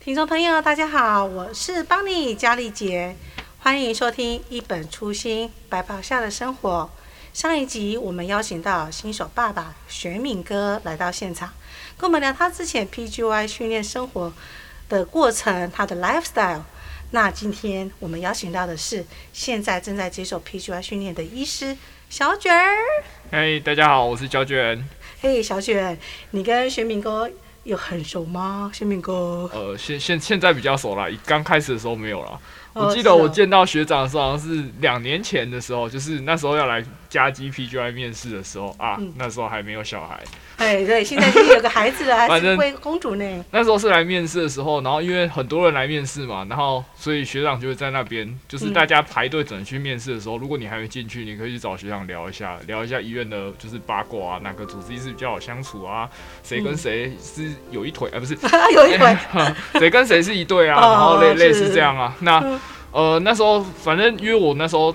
聽眾朋友，大家好，我是邦尼佳麗姐，歡迎收聽《一本初心百寶箱的生活》。上一集我們邀請到新手爸爸玄敏哥來到現場，跟我們聊他之前 PGY 訓練生活的過程，他的 lifestyle。那今天我們邀請到的是現在正在接受 PGY 訓練的醫師小卷兒。嘿、hey,，大家好，我是小卷。嘿、hey,，小卷，你跟玄敏哥有很熟嗎？玄敏哥，呃，現現現在比較熟了，剛開始的時候沒有了。我記得我見到學長的時候好像是兩年前的時候、哦哦，就是那時候要來加 PGY 來面試的時候啊、嗯，那時候還沒有小孩。對對，現在是有個孩子了、啊，還 是公主呢。那時候是來面試的時候，然後因為很多人來面試嘛，然後所以學長就會在那邊，就是大家排隊等去面試的時候、嗯，如果你還沒進去，你可以去找學長聊一下，聊一下醫院的就是八卦啊，哪個主治醫師比較好相處啊，誰跟誰是有一腿啊，不是有一腿，誰、嗯啊 欸、跟誰是一對啊、哦，然後類類似這樣啊，那。嗯呃，那時候反正因為我那時候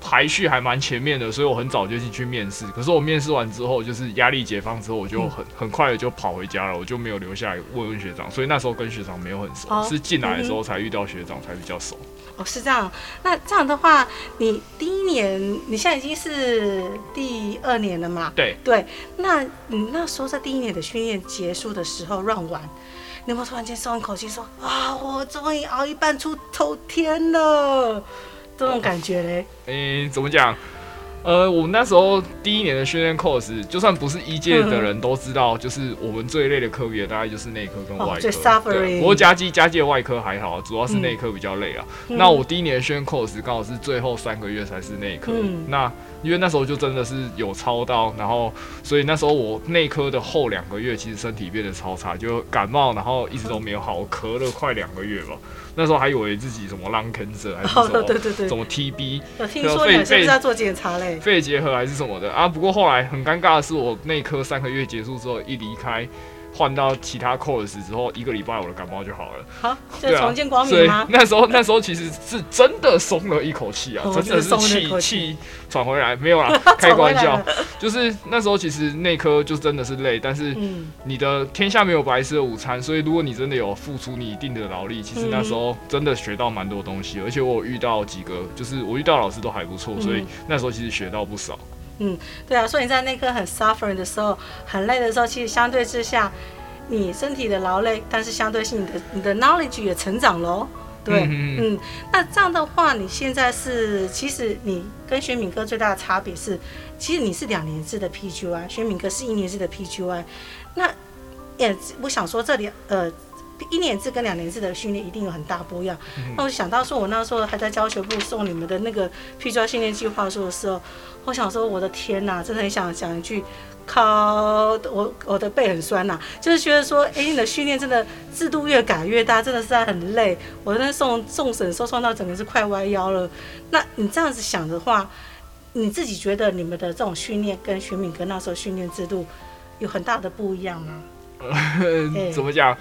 排序還蠻前面的，所以我很早就進去面試。可是我面試完之後，就是壓力解放之後，我就很、嗯、很快的就跑回家了，我就沒有留下來問問學長，所以那時候跟學長沒有很熟，哦、是進來的時候才遇到學長嗯嗯，才比較熟。哦，是這樣。那這樣的話，你第一年，你現在已經是第二年了嘛？對對。那你那時候在第一年的訓練結束的時候，讓玩。你們有沒有突然間鬆一口氣，說：“啊，我終於熬一半出頭天了”，這種感覺嘞？誒、欸，怎麼講？呃，我們那時候第一年的訓練 course 就算不是醫界的人都知道、嗯，就是我們最累的科別大概就是內科跟外科。最、oh, suffering、啊。不過嘉基嘉基外科還好，主要是內科比較累啊、嗯。那我第一年的訓練 course 剛好是最後三個月才是內科。嗯、那因為那時候就真的是有操到，然後所以那時候我內科的後兩個月其實身體變得超差，就感冒，然後一直都沒有好，嗯、我咳了快兩個月了。那時候還以為自己什麼 lung cancer、oh, 還是什麼，對對對、什麼 TB，、啊、聽說所以被你現在是在做檢查嘞？肺結核還是什麼的啊？不過後來很尷尬的是，我內科三個月結束之後一離開。.換到其他 course 之後，一個禮拜我的感冒就好了。好，就重見光明。對啊，所以那時候，那時候其實是真的鬆了一口氣啊，哦，真的是氣氣喘回來沒有啦， 開，開玩笑。就是那時候，其實內科就真的是累，但是你的天下沒有白吃的午餐，所以如果你真的有付出你一定的勞力，其實那時候真的學到蠻多東西，嗯，而且我遇到幾個，就是我遇到老師都還不錯，所以那時候其實學到不少。嗯，對啊，所以你在那個很 suffering 的時候，很累的時候，其實相對之下，你身體的勞累，但是相對是你的你的 knowledge 也成長嘍。對。嗯，嗯，那這樣的話，你現在是其實你跟學敏哥最大的差別是，其實你是兩年制的 PGY，學敏哥是一年制的 PGY。那，也我想說這裡，呃。一年制跟兩年制的訓練一定有很大不一樣。嗯、那我想到說，我那時候還在教學部送你們的那個 PGY 訓練計劃書的時候，我想說，我的天哪，真的很想講一句，靠，我我的背很酸吶，就是覺得說，哎，你的訓練真的制度越改越大，真的是很累。我那送送審，收送到整個是快彎腰了。那你這樣子想的話，你自己覺得你們的這種訓練跟學敏哥那時候訓練制度有很大的不一樣嗎？嗯、 怎麼講？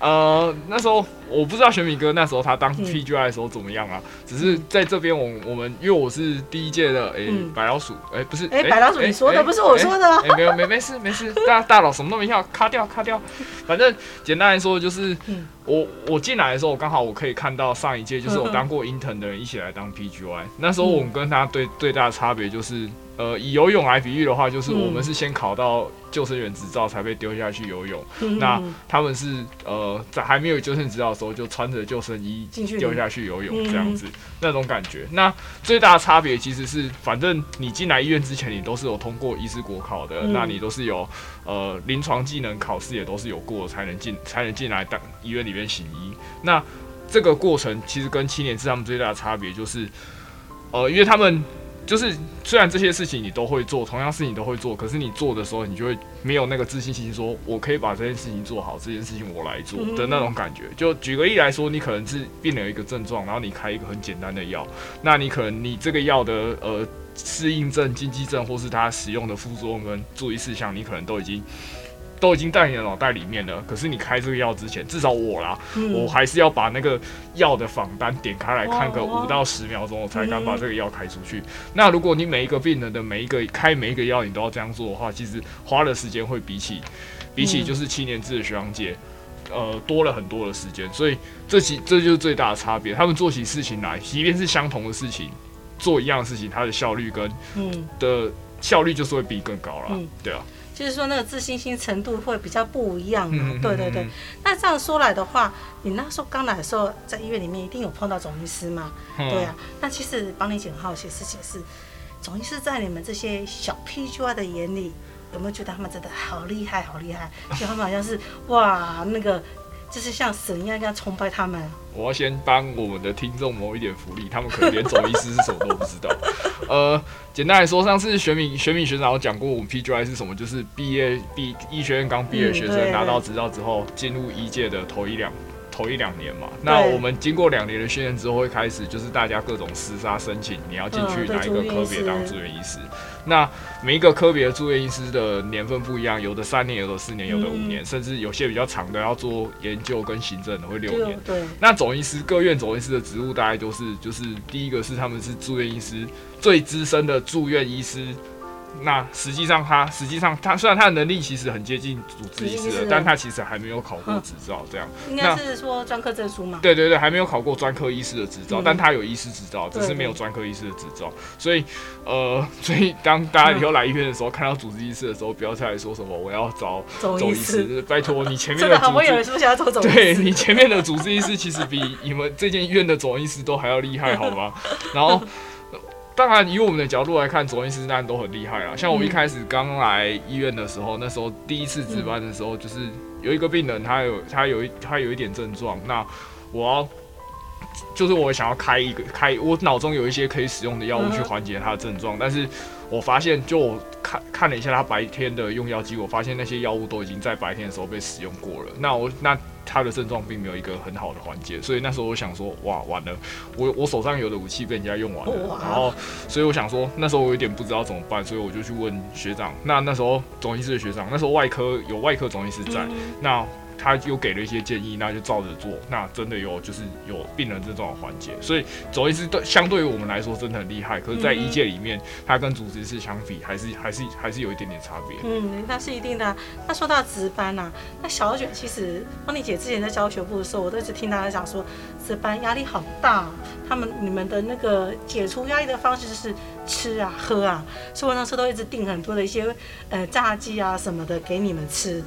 呃，那時候我不知道玄米哥那時候他當 PGY 的時候怎麼樣啊、嗯？只是在這邊我我們，我們因為我是第一屆的，哎、欸嗯，白老鼠，哎、欸，不是，哎、欸欸，白老鼠你說的、欸、不是我說的、欸欸欸欸，沒有沒沒事沒事， 大大佬什麼都沒笑，卡掉卡掉，反正簡單來說就是、嗯、我我進來的時候剛好我可以看到上一屆就是我當過 intern 的人一起來當 PGY，、嗯、那時候我們跟他對最大的差別就是。呃，以游泳來比喻的話，就是我們是先考到救生員執照才被丟下去游泳，嗯、那他們是呃在還沒有救生執照的時候就穿着救生衣丟下去游泳這樣子、嗯、那種感覺。那最大的差別其實是，反正你進來醫院之前你都是有通過醫師國考的，嗯、那你都是有呃臨床技能考試也都是有過才能進才能進來當醫院裡面行醫。那這個過程其實跟七年制他們最大的差別就是，呃，因為他們。就是雖然這些事情，你都會做，同樣事情都會做，可是你做的時候，你就會沒有那個自信心說，說我可以把這件事情做好，這件事情我來做的那種感覺。就舉個例來說，你可能是病了，有一個症狀，然後你開一個很簡單的藥，那你可能你這個藥的呃適應症、禁忌症，或是它使用的副作用跟注意事項，你可能都已經。都已經在你的腦袋裡面了。可是你開這個藥之前，至少我啦，嗯、我還是要把那個藥的仿單點開來看個五到十秒鐘，啊，我才敢把這個藥開出去，嗯。那如果你每一個病人的每一個開每一個藥，你都要這樣做的話，其實花的時間會比起比起就是七年制的學長姐，嗯，呃，多了很多的時間。所以這其這就是最大的差別。他們做起事情來，即便是相同的事情，做一樣的事情，它的效率跟嗯的效率就是會比更高了，嗯。對啊。就是說，那個自信心程度會比較不一樣嘛？對對對。 那這樣說來的話，你那時候剛來的時候，在醫院裡面一定有碰到總醫師嘛？嗯、對啊。那其實幫你減號寫思寫思、好解釋解總醫師在你們這些小 PGY 的眼裡，有沒有覺得他們真的好厲害,害，好厲害？就他們好像是哇那個。就是像神一樣，一樣崇拜他們。我要先幫我們的聽眾謀一點福利，他們可能連總醫師是什麼都不知道。 呃，簡單來說，上次選敏選敏學長有講過，我們 PGY 是什麼？就是畢業畢醫學院剛畢業的學生拿到執照之後，嗯、進入醫界的頭一兩年。頭一兩年嘛，那我們經過兩年的訓練之後，會開始就是大家各種廝殺申請，你要進去哪一個科別當住院醫師。哦、對、住院醫師，那每一個科別的住院醫師的年份不一樣，有的三年，有的四年，嗯，有的五年，甚至有些比較長的要做研究跟行政的。會六年。對，對，那總醫師各院總醫師的職務大概都是，就是，就是第一個是他們是住院醫師最資深的住院醫師。那實際上他，實際上他，他雖然他的能力其實很接近主治醫師的，但他其實還沒有考過執照，這樣。應該是說專科證書嘛？對對對，還沒有考過專科醫師的執照、嗯，但他有醫師執照，只是沒有專科醫師的執照、嗯。所以，呃，所以當大家以後來醫院的時候，嗯、看到主治醫師的時候，不要再來說什麼我要找總醫師，拜託你前面的。我以為是不是想要走總。對，你前面的主治醫師，其實比你們這間醫院的總醫師都還要厲害，好嗎？然後。當然，以我們的角度來看，總醫師那人都很厲害啊。像我一開始剛來醫院的時候，那時候第一次值班的時候，嗯、就是有一個病人他，他有他有一他有一點症狀，那我要就是我想要開一個開，我腦中有一些可以使用的藥物去緩解他的症狀，但是我發現就我看看了一下他白天的用藥記錄，我發現那些藥物都已經在白天的時候被使用過了。那我那他的症狀並沒有一個很好的緩解，所以那時候我想說，哇，完了，我我手上有的武器被人家用完了，然後，所以我想說，那時候我有點不知道怎麼辦，所以我就去問學長，那那時候總醫師的學長，那時候外科有外科總醫師在，嗯、那。他又給了一些建議，那就照着做，那真的有就是有病人這種環節，所以走一次對相對於我們來說真的很厲害。可是，在醫界裡面，嗯嗯他跟主治醫師相比，還是還是還是有一點點差別。嗯，那是一定的、啊。那說到值班吶、啊，那小，小卷其實芳麗姐之前在教學部的時候，我都一直聽大家講說值班壓力好大。他們你們的那個解除壓力的方式就是吃啊喝啊，所以我那時候都一直訂很多的一些呃炸雞啊什麼的給你們吃。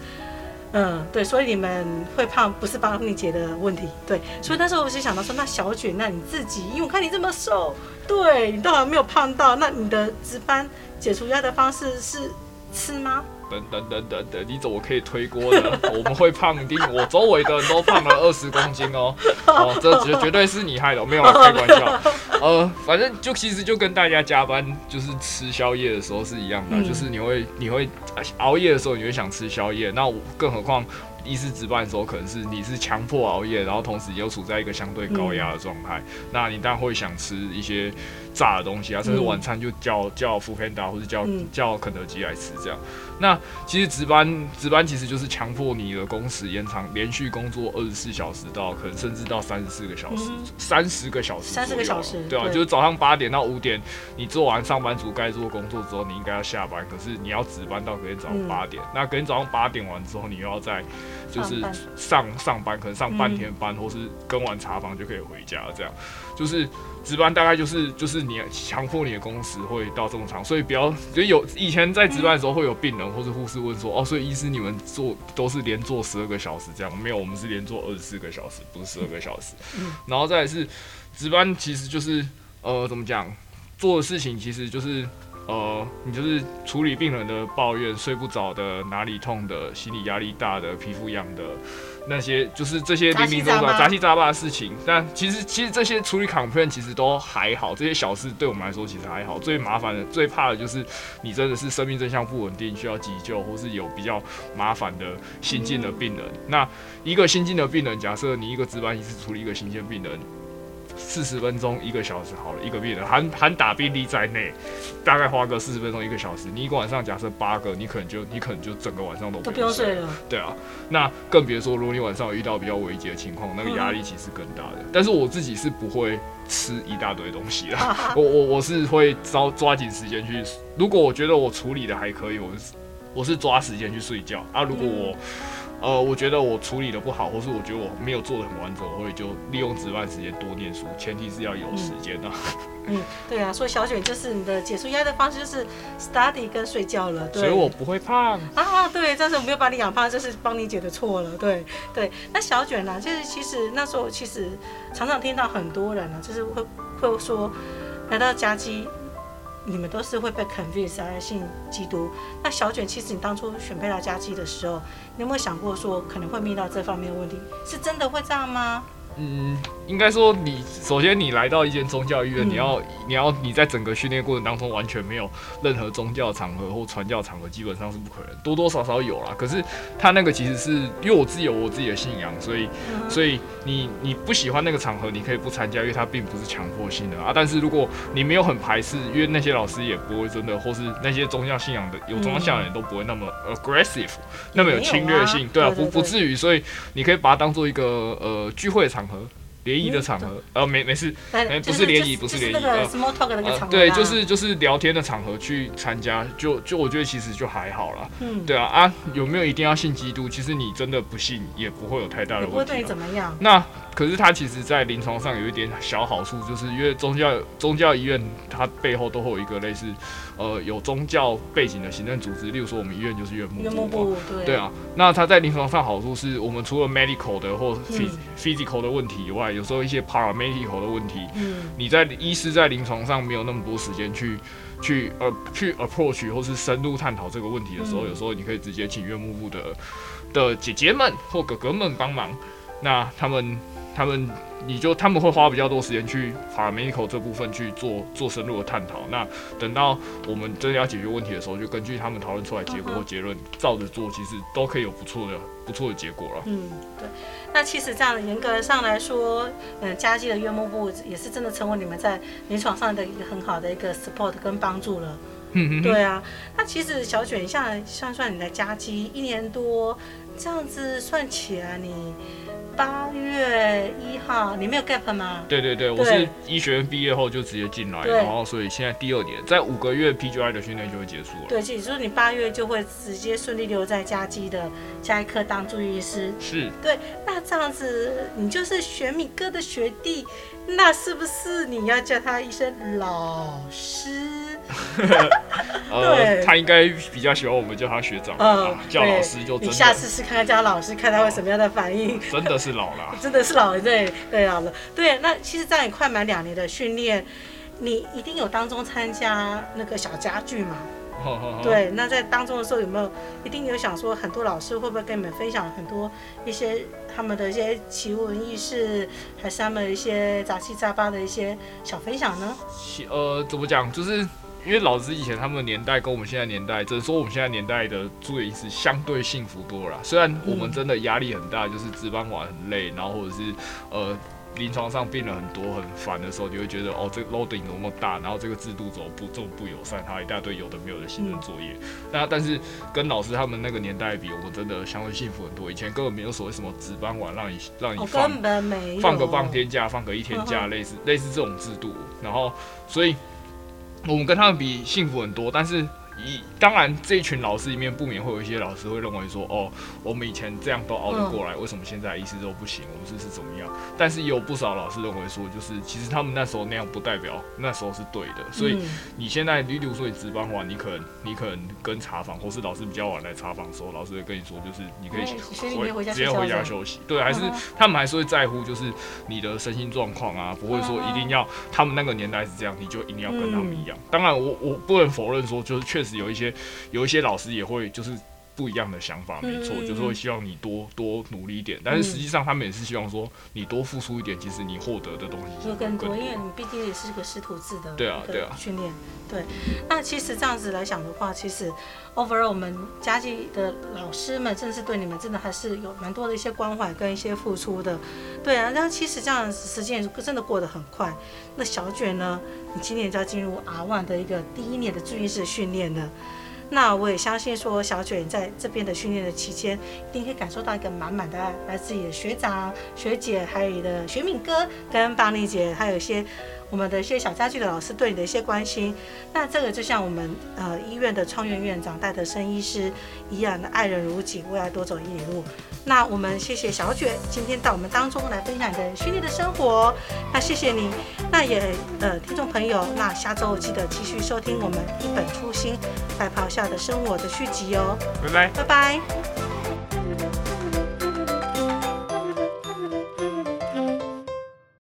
嗯，對，所以你們會胖不是幫你解的問題，對，所以那時候我就想到說，那小卷，那你自己，因為我看你這麼瘦，對，你都還沒有胖到，那你的值班解除壓的方式是吃嗎？等等等等等，你怎麼可以推鍋的？ 我們會胖定我周圍的人都胖了二十公斤哦，哦這絕 絕對是你害的，我沒有開玩笑。 哦呃，反正就其實就跟大家加班就是吃宵夜的時候是一樣的，嗯、就是你會你會熬夜的時候你會想吃宵夜，那我更何況醫師值班的時候可能是你是強迫熬夜，然後同時又處在一個相對高壓的狀態，嗯，那你當然會想吃一些炸的東西啊，甚至晚餐就叫叫 foodpanda 或者叫、嗯、叫肯德基來吃這樣。那其實值班值班其實就是強迫你的工時延長，連續工作二十四小時，到可能甚至到三十四個小時，三十個小時，嗯，三十個小時，對，對啊對，就是早上八點到五點，你做完上班族該做的工作之後，你應該要下班，可是你要值班到隔天早上八點，嗯，那隔天早上八點完之後，你又要再，就是上上班，上班，可能上半天班，嗯，或是跟完查房就可以回家這樣，就是值班大概就是就是你強迫你的工時會到這麼長，所以比較就有以前在值班的時候會有病人。嗯或者護士問說：“哦，所以醫師你們做都是連做十二個小時這樣？沒有，我們是連做二十四個小時，不是十二個小時。嗯、然後再來是值班，其實就是呃，怎麼講？做的事情其實就是呃，你就是處理病人的抱怨、睡不着的、哪裡痛的、心理壓力大的、皮膚癢的。”那些就是這些零零總總雜七雜八的事情，但其實其實這些處理 complain 其實都還好，這些小事對我們來說其實還好。最麻煩的，最怕的就是你真的是生命徵象不穩定，需要急救，或是有比較麻煩的新進的病人。嗯、那一個新進的病人，假設你一個值班醫師處理一個新進病人。四十分鐘一個小時，好了一個病人，含含打病歷在內，大概花個四十分鐘一個小時。你一個晚上假設八個，你可能就你可能就整個晚上都不，都不要睡了。對啊，那更別說如果你晚上有遇到比較危急的情況，那個壓力其實更大的、嗯。但是我自己是不會吃一大堆東西的、嗯， 我我我是會抓抓緊時間去。如果我覺得我處理的還可以，我是我是抓時間去睡覺啊。如果我、嗯呃，我覺得我處理的不好，或是我覺得我沒有做的很完整，我也就利用值班時間多念書，前提是要有時間啊嗯， 嗯，對啊，所以小卷就是你的解除壓力的方式，就是 study 跟睡覺了。對，所以我不會胖啊，啊，對，但是我沒有把你養胖，就是幫你解的錯了。對對，那小卷呢、啊，就是其實那時候其實常常聽到很多人呢、啊，就是會會說，來到嘉基你們都是會被 convince 而、啊、信基督。那小卷，其實你當初選配到嘉基的時候，你有沒有想過說可能會遇到這方面的問題？是真的會這樣嗎？嗯，應該說你首先你來到一間宗教醫院，嗯、你要你要你在整個訓練過程當中完全沒有任何宗教場合或傳教場合，基本上是不可能。多多少少有啦，可是他那個其實是因為我自己有我自己的信仰，所以、嗯、所以你你不喜歡那個場合，你可以不參加，因為他並不是強迫性的啊。但是如果你沒有很排斥，因為那些老師也不會真的，或是那些宗教信仰的、嗯、有宗教信仰的人都不會那麼 aggressive，那麼有侵略性，啊對啊，不不至於，所以你可以把它當做一個呃聚會場合。聯誼的場合，嗯、呃，沒沒事，哎、呃就是，不是聯誼、就是，不是聯誼、就是啊呃，那個 small talk 的場合，對，就是就是聊天的場合去參加，就就我覺得其實就還好啦。嗯，對啊啊，有沒有一定要信基督？其實你真的不信也不會有太大的問題、啊，不會對你怎麼樣。那可是他其實，在臨床上有一點小好處，就是因為宗教宗教醫院，它背後都會有一個類似。呃，有宗教背景的行政組織，例如說我們醫院就是院牧部，院牧部對，對啊，那他在臨床上好處是我們除了 medical 的或 physical 的問題以外，嗯、有時候一些 paramedical 的問題，嗯、你在醫師在臨床上沒有那麼多時間去去呃、啊、去 approach 或是深入探討這個問題的時候，嗯，有時候你可以直接請院牧部的的姐姐們或哥哥們幫忙，那他們。他們，你就他們會花比較多時間去法門一口這部分去做做深入的探討。那等到我們真的要解決問題的時候，就根據他們討論出來結果或結論照着做，其實都可以有不錯的不錯的結果了。嗯，對。那其實這樣嚴格上來說，嗯、呃，嘉基的約募部也是真的成為你們在臨床上的一個很好的一個 support 跟幫助了。嗯嗯。對啊。那其實小卷你像算算你的嘉基一年多這樣子算起來，你。八月一號，你沒有 gap 嗎？對對對，對我是醫學院畢業後就直接進來，然後所以現在第二年，在五個月 PGY 的訓練就會結束了。對，其實就是你八月就會直接順利留在嘉基的家醫科當住院醫師。是。對，那這樣子你就是玄米哥的學弟，那是不是你要叫他一聲老師？ 呃 對，他應該比較喜歡我們叫他學長，哦、啊，叫老師就。你下次試看看叫老師，看，看他會什麼樣的反應。哦、真的是老了， 真的是老了，對對老了，對。那其實在你快滿兩年的訓練，你一定有當中參加那個小家具嗎，哦哦？對，那在當中的時候有沒有一定有想說，很多老師會不會跟你們分享很多一些他們的一些奇聞異事，還是他們一些雜七雜八的一些小分享呢？嗯，呃，怎麼講就是。因為老師以前他們的年代跟我們現在年代，只是說我們現在年代的作業是相對幸福多了啦。雖然我們真的壓力很大，就是值班完很累，然後或者是呃，臨床上病人很多很煩的時候，你會覺得哦，這個 loading 怎麼那麼大，然後這個制度怎麼不重不友善，它一大堆有的沒有的行政作業。嗯、那但是跟老師他們那個年代比，我們真的相對幸福很多。以前根本沒有所謂什麼值班完讓你讓你放、放個半天假，放個一天假，呵呵類似類似這種制度。然後所以。我們跟他們比幸福很多，但是。當然，這一群老師裡面不免會有一些老師會認為說，哦，我們以前這樣都熬得過來，為什麼現在意思都不行，我們這是怎麼樣？但是也有不少老師認為說，就是其實他們那時候那樣不代表那時候是對的。所以你現在，比如說你值班的話，你可能你可能跟查房或是老師比較晚來查房的時候，老師會跟你說，就是你可以直接回家休息。嗯、對，還是他們還是會在乎就是你的身心狀況啊，不會說一定要他們那個年代是這樣，你就一定要跟他們一樣。嗯、當然我，我我不能否認說，就是確實。有一些，有一些老師也會，就是，不一樣的想法沒錯，就是說希望你多、嗯、多努力一點，嗯、但是實際上他們也是希望說你多付出一點，嗯、其實你獲得的東西就更多,更多因為你畢竟也是個師徒制的，對啊，對啊，訓練。對，那其實這樣子來講的話，其實 overall 我們嘉基的老師們真的是對你們真的還是有蠻多的一些關懷跟一些付出的。對啊，那其實這樣時間真的過得很快。那小卷呢，你今年就要進入 R1 的一個第一年的注意事項訓練了。那我也相信，說小卷在這邊的訓練的期間，一定可以感受到一個滿滿的愛，來自你的學長、學姐，還有你的學敏哥跟 Boni 姐，還有一些我們的一些小家具的老師對你的一些關心。那這個就像我們呃醫院的創院院長戴德生醫師一樣的愛人如己，為愛多走一里路。那我們謝謝小卷今天到我們當中來分享你的訓練的生活哦。那謝謝你。那也呃聽眾朋友，那下周記得繼續收聽我們一本初心白袍小。的生活的續集哦，拜拜，拜拜。